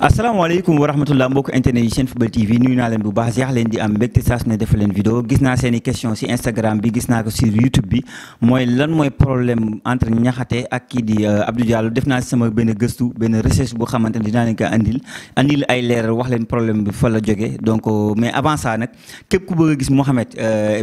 asalaamaaleykum wa rahmatullah mbokk internet yi seen football tv nuyu naa leen bu baax seex leen di am mbégte saa su ne defal leen vidéo gis naa seen i question si instagram bi gis naa ko sur youtube bi mooy lan mooy problème entre Niakhaté ak kii di Abdou Diallo def naa si sama benn gëstu benn recherche bu xamante ne dinaa leen ko andil andil ay leeral wax leen problème bi fa la jógee donc mais avant ça nag képp ku bëgg a gis Mohamed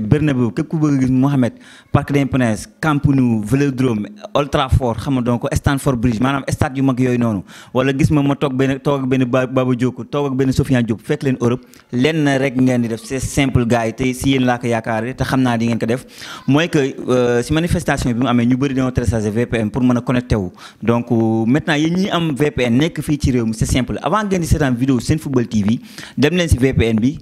Bernabeu képp ku bëgg a gis Mohamed Parc des Princes Camp Nou Vélodrome Old Trafford xam nga donc Stamford Bridge maanaam stade yu mag yooyu noonu wala gis ma ma toog benn toog ak benn babu jóoku toog ak benn sofian jub fekk leen europe lenn rek ngeen di def c' est simple gars yi te si yéen laa ko yaakaare te xam di ngeen ko def mooy que euh, si manifestation bi mu amee ñu bëri dañoo tresage vpn pour mën a connecté wu donc euh, maintenant yéen ñi am vpn nekk fii ci réew mi c' simple avant ngeen di seetaan vidéo seen football tv dem leen si vpn bi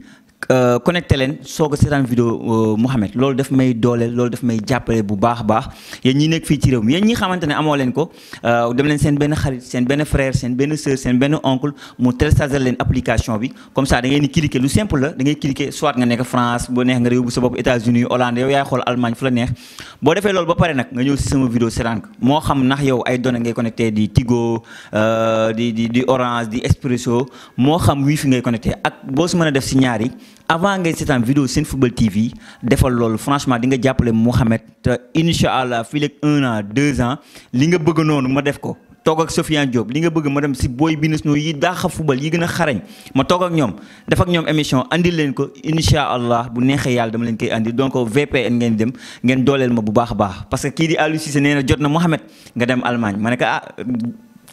Euh, connecté leen soo a seetaan vidéo euh, Mouhamed loolu daf may dooleel loolu daf may jàppale bu baax a baax yéen ñi nekk fii ci réew mi yéen ñi xamante ne amoo leen ko euh, dem leen seen benn xarit seen benn frère seen benn sœur seen benn oncle mu télécharger leen application bi comme ça da ngay ni cliquer lu simple la da ngay cliquer soit nga nekk France boo neex nga réew bu sa bopp États-Unis Hollande yow yaay xool Allemagne fu la neex boo defee loolu ba pare nag nga ñëw si sama vidéo seetaan ko moo xam ndax yow ay données ngay connecté di Tigo di di di Orange di Expresso moo xam wifi ngay connecté ak boo si mën a def si ñaar yi avant ngay seetaan vidéo seen football TV defal loolu franchement di nga jàppale Mouhamed te incha allah fii léegi un an deux ans li nga bëgg noonu ma def ko. toog ak Sofiane Diop li nga bëgg ma dem si booy business no yi yi gën a xarañ ma toog ak ñoom def ak ñoom émission andil leen ko incha allah bu neexee yàlla dama leen koy andi donc VPN ngeen dem ngeen dooleel ma bu baax a baax parce que kii di Aliou Cissé nee na jot na Mouhamed nga dem Allemagne ma ne ah.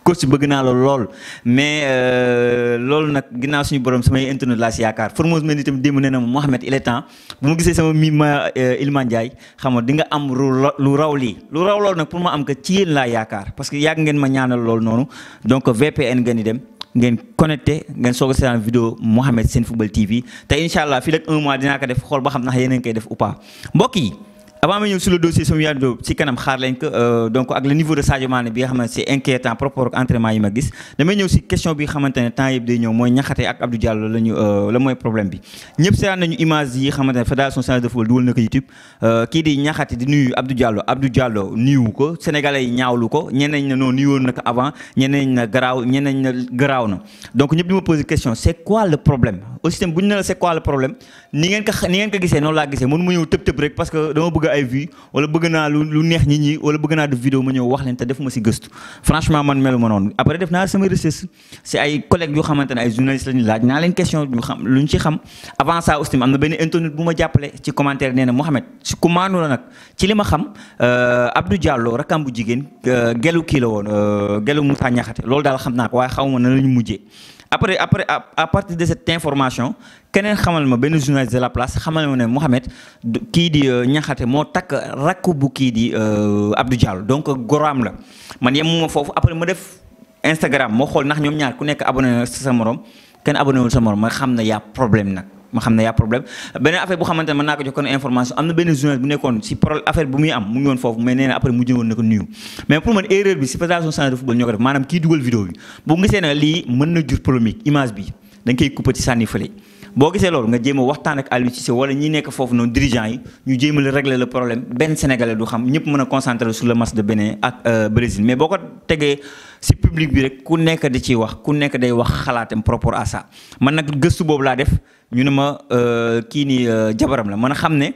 coach bëgg naa la lool mais euh, loolu nag ginaa suñu borom samay internet laa si yaakaar Formose Mendy tamit démb nee na ma Mouhamed il est temps bu ma gisee sama mi ma euh, Iliman Ndiaye xam nga di nga am lu raw lii lu raw loolu nag pour ma am que ci yéen laa yaakaar parce que yàgg ngeen ma ñaana lool noonu donc VPN ngeen di dem ngeen connecté ngeen soog a seetaan vidéo Mouhamed Senfootball TV te incha allah fii rek un mois dinaa ko def xool ba xam ndax yéen a ngi koy def ou pas yi avant ma ñëw sur le dossier Sombouya Diop ci kanam xaar lañ ko euh, donc ak le niveau de Sadio Mané bi nga c'est inquiétant propre rapport ak entraînement yi ma gis damay ñëw ci question bi nga xamante ne temps yëpp day ñëw mooy ñaxate ak Abdou Diallo la ñu euh, la moy problème bi ñëpp seetaan nañu image yi xamante fédération sénégalaise de football duul naka YouTube euh ki di ñaxate di nuyu Abdou Diallo Abdou Diallo nuyu ko sénégalais yi ñaawlu ko ñeneñ na noonu nuyu na ko avant ñeneñ na graw, ñeneñ na graw na donc ñëpp di ma poser question c'est quoi le problème Au système bu na la c'est quoi le problème ni ngeen ko ni ngeen ko gisee noonu la gisee mënu ma ñëw tëb tëb rek parce que dama bëgg ay vues wala bëgg naa lu neex nit ñi wala bëgg naa def vidéo ma ñëw wax leen te def ma si gëstu franchement man melu ma noonu après def naa sama recherche si ay collègues yoo xamante ne ay journalistes la laaj naa leen question ñu xam lu ñu ci xam avant ça aussi am na benn internet bu ma jàppale ci commentaire nee na si ku la nag ci li ma xam euh, Abdou Diallo rakam bu jigéen euh, gelu kii la woon euh, gelu Moussa Niakhate loolu daal xam naa ko waaye xaw ma na la ñu mujjee après après à partir de cette information keneen xamal ma benn journaliste de la place xamal ma ne Mouhamed kii di ñaxate euh, moo takk rakku bu kii di euh, Abdou Diallo donc euh, goraam la man yemuma foofu après ma def Instagram moo xool ndax ñoom ñaar ku nekk abonné sa morom. kenn abonné wul sa morom ma xam ne y'a problème nag ma xam ne y'a problème beneen affaire bu xamante ne mën naa ko jox kon information am na benn journaliste bu nekkoon si pro affaire bu muy am mu ngi foofu mais nee après mujj woon na nuyu mais pour man erreur bi si fédération sénégalaise de football ñoo def maanaam kii dugal vidéo bi bu ngisee ne lii mën na jur polémique image bi dañ koy couper sànni fële boo gisee loolu nga jéem a waxtaan ak Aliou Cissé wala ñi nekk foofu noonu dirigeant yi ñu jéem a régler le problème benn sénégalais du xam ñëpp mën a concentrer sur le match de Bénin ak euh, Brésil mais boo ko tegee si public bi rek ku nekk di ciy wax ku nekk day wax xalaatam propre à man nag gëstu boobu laa def ñu ne ma euh, kii nii euh, jabaram la mën a xam ne.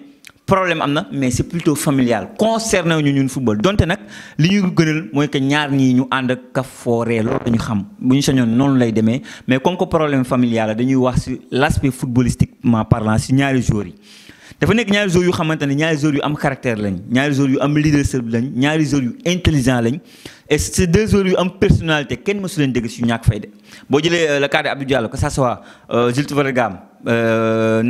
problème amna mais c'est plutôt familial concerné ñu ñun football donté nak li ñu gënal moy que ñaar ñi ñu ànd ak foré loolu dañu xam buñu sañon non lay démé mais comme que problème familial la dañuy wax ci l'aspect footballistiquement parlant ci ñaari joueurs yi il faut que joueurs yu un caractère lañ leadership lañ et ces deux personnalité mësu si euh, le cas de Abdou Diallo que ce soit Zilte euh, Vergam euh,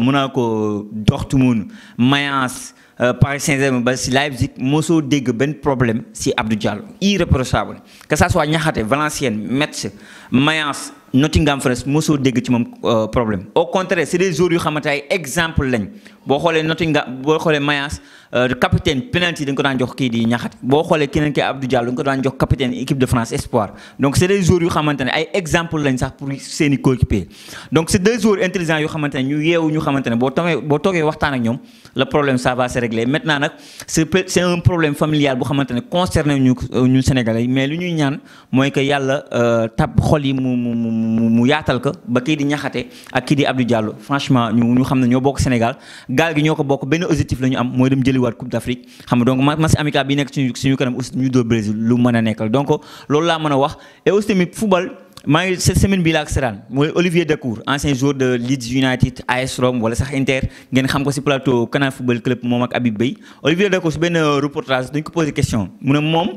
Monaco Dortmund Mayence Paris Saint-Germain si Leipzig mosoo dégg ben problème Abdou Diallo irréprochable que ce soit Niakhaté Valenciennes Metz Mayence Nottingham Forest mosoo dégg ci moom euh, problème au contraire c'est des joueurs yu xamante ay exemple lañ boo xoolee Nottingham boo xoolee Mayence euh, capitaine penalty dañ ko daan jox kii di ñaxat boo xoolee keneen ki Abdou Diallo dañ ko daan jox capitaine équipe de France espoir donc c'est est des joueurs yu xamante ne ay exemple lañ sax pour seen i coéquipier donc c'est deux jours joueurs intelligents yu xamante ne ñu yeewu ñu xamante ne boo toogee boo toogee ak ñoom le problème ça va se régler maintenant nag c' est un problème familial bu xamante concerné ñu ñu Sénégalais mais lu ñuy ñaan mooy que yàlla euh, tab xol yi mu mu mu mu yaatal ko ba kii di ñaxate ak kii di Abdou Diallo franchement ñu ñu xam ne ñoo bokk Sénégal gaal gi ñoko bokk ben objectif lañu am moy dem jëli waat coupe d'afrique xam nga donc match amical bi nek suñu suñu kanam aussi ñu do brésil lu mëna nekkal donc loolu la mëna wax et aussi tamit football maa ngi cette semaine bi laa ak seraan mooy Olivier Decour ancien joueur de Leeds United AS Rome wala sax Inter ngeen xam ko si plateau Canal Football Club moom ak Habib Bey Olivier Decour su benn euh, reportage dañ ko posé question mu ne moom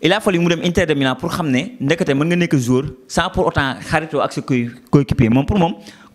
il a fallu mu dem Inter de Milan pour xam ne ndekete mën nga nekk joueur sans pour autant xaritoo ak sa koy coéquipier moom pour moom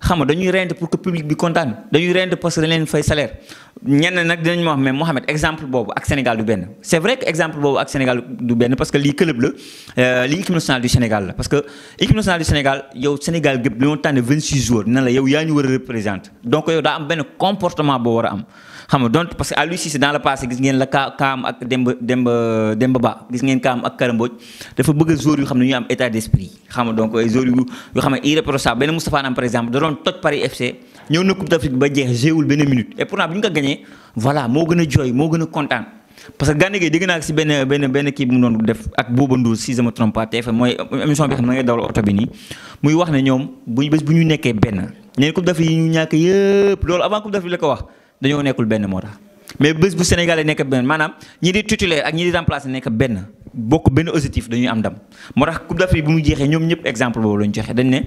xam nga dañuy reyante pour que public bi kontaan dañuy reyante parce que dañ leen fay salaire ñenn nag dinañ ma wax mais Mohamed exemple boobu ak Sénégal du benn c' est vrai que exemple boobu ak Sénégal du benn parce que lii club la euh, lii équipe nationale du Sénégal la parce que équipe nationale du Sénégal yow Sénégal gépp dañoo tànn 26 joueurs nan la yow yaa ñu war a représenter donc yow daa am benn comportement boo war a am xam nga donc parce que à lui si dans le passé gis ngeen la ka ak Demba Demba Demba Ba gis ngeen kaam ak karamboj Mbodj dafa bëgg a joueurs yu xam ne ñu am état d' esprit xam nga donc ay joueurs yu yoo xam ne irréprochable benn Moustapha Nam par exemple doon toj Paris FC ñëw na Coupe d'Afrique ba jeex jéwul benn minute et pourtant bi ñu ko gagné voilà moo gën a jooy moo gën a kontaan parce que Gana Gueye dégg naa si benn benn benn kii bu mu doon def ak Bouba Ndour si je me trompe pas TFM mooy émission bi xam na ngay dawal oto bi nii muy wax ne ñoom bu bés bu ñu nekkee benn ñeen Coupe d'Afrique yi ñu ñàkk yëpp loolu avant Coupe d'Afrique la ko wax dañoo nekkul benn moo tax mais bés bu Sénégal nekk benn maanaam ñi di titulaire ak ñi di remplacer nekk benn bokk benn positif dañuy am ndam moo Coupe d'Afrique bi mu jeexee ñoom ñëpp exemple boobu lañu joxe dañ ne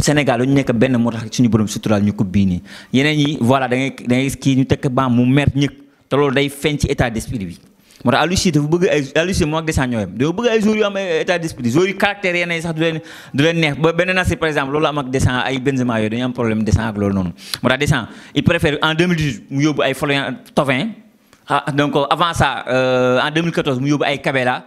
Sénégal lañu nekk benn moo tax suñu borom suturaal ñu coupe bii nii yeneen yi voilà da ngay da ngay kii ñu tekk ban mu mer ñëkk te loolu day feeñ ci état d'esprit bi moo tax Aliou Cissé dafa bëgg ay Aliou Cissé moo ak Deschamps ñooyam dafa bëgg ay joueurs yu am état d'esprit joueurs yu caractère yeneen yi sax du leen du leen neex ba benn Nasri par exemple loolu am ak Deschamps ay Benzema yooyu dañu am problème Deschamps ak loolu non. moo tax Deschamps il préfère en 2018 mu yóbbu ay Florian Thauvin ah, donc avant ça euh, en 2014 mu yóbbu ay Cabella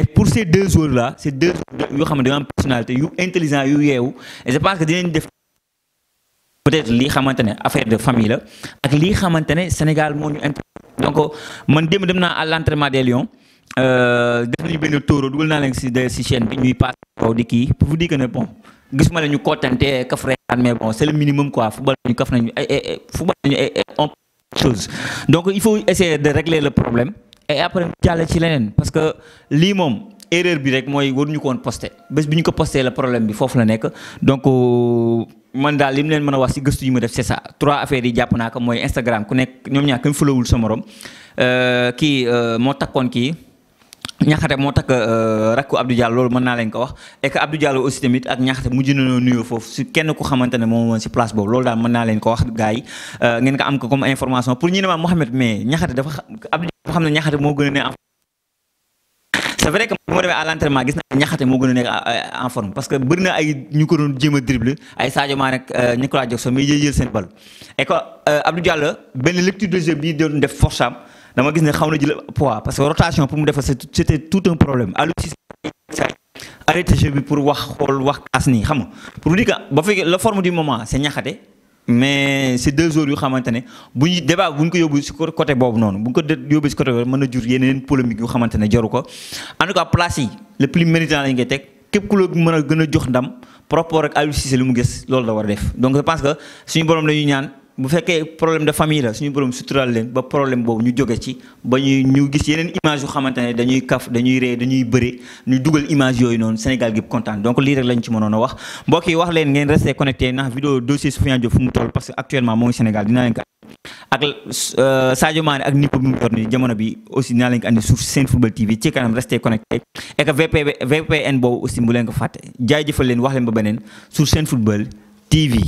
et pour ces deux joueurs là ces deux joueurs yoo xam ne personnalité yu intelligent yu yeewu et je pense que dinañ def peut-être li xamante affaire de famille la ak li xamante Sénégal moo ñu donc man démb dem naa à l'entraînement des Lions euh, def nañu benn tóoro dugal na leen ci si chaîne bi ñuy passe Pour di ki pour vous dire que ne bon gisuma la ñu contenté kaf reetaan mais bon c'est le minimum quoi football ñu kaf nañu football ñu on chose donc il faut essayer de régler le problème et eh, après jalé ci lénen parce que li mom erreur bi rek moy wonu ñu ko won posté bës biñu ko posté le problème bi fofu la nek donc man dal lim leen mëna wax ci gëstu yi mu def c'est ça trois affaires yi japp naka lah moy instagram ku nek ñom ñaar follow followul sa morom euh ki euh, mo takkon ki ñaxate mo tak euh, eh, rakku abdou diallo lolou mën na leen ko wax et eh, que abdou diallo aussi tamit ak ñaxate mu jëna nuyo fofu su kenn ko xamantene mo won ci place bobu lolou daal mën na ko wax gaay euh, ngeen ko am ko comme information pour ñi ne mohammed mais ñaxate dafa abdou nga xam ne ñaxate moo gën a ne en que bu ma demee à l' entraînement gis naa ñaxate moo gën a nekk euh, en forme parce que bëri na ay ñu ko doon jéem a dribble ay Sadio Mané ak euh, Nicolas Jackson mais yéen jël seen bal et que euh, Abdou Diallo benn lecture de jeu bii doon def force dama gis ne xaw na jël poids parce que rotation pour mu defar c' était tout un problème Aliou Cissé arrêté jeu bi pour wax xool wax kaas nii xam nga pour dire que ba fekkee la forme du moment c' ñaxate. mais c'est deux jours yu xamante ne bu ñu débat bu ñu ko yóbbu si côté boobu noonu bu ñu ko yóbbu si côté boobu mën na jur yeneen polémique yu xamante ne jaru ko en tout cas place yi le plus méritant lañ koy teg képp ku la mën a gën a jox ndam par rapport ak li mu gis loolu la war a def donc je pense que suñu borom la ñaan. bu fekkee problème de famille la suñu borom sutural leen ba problème boobu ñu jóge ci ba ñuy ñu gis yeneen image yu xamante ne dañuy kaf dañuy ree dañuy bëre ñu dugal image yooyu noonu Sénégal gi kontaan donc lii rek lañ ci mënoon a wax mbokk yi wax leen ngeen resté connecté ndax vidéo dossier Soufiane Diop fu mu toll parce que actuellement moo ngi Sénégal dina leen ko ak euh, Sadio Mané ak ni bi mu yor ni jamono bi aussi dinaa leen ko andi ci kanam resté connecté et que VPN boobu aussi bu leen ko fàtte jaay leen wax ba beneen sur seen football TV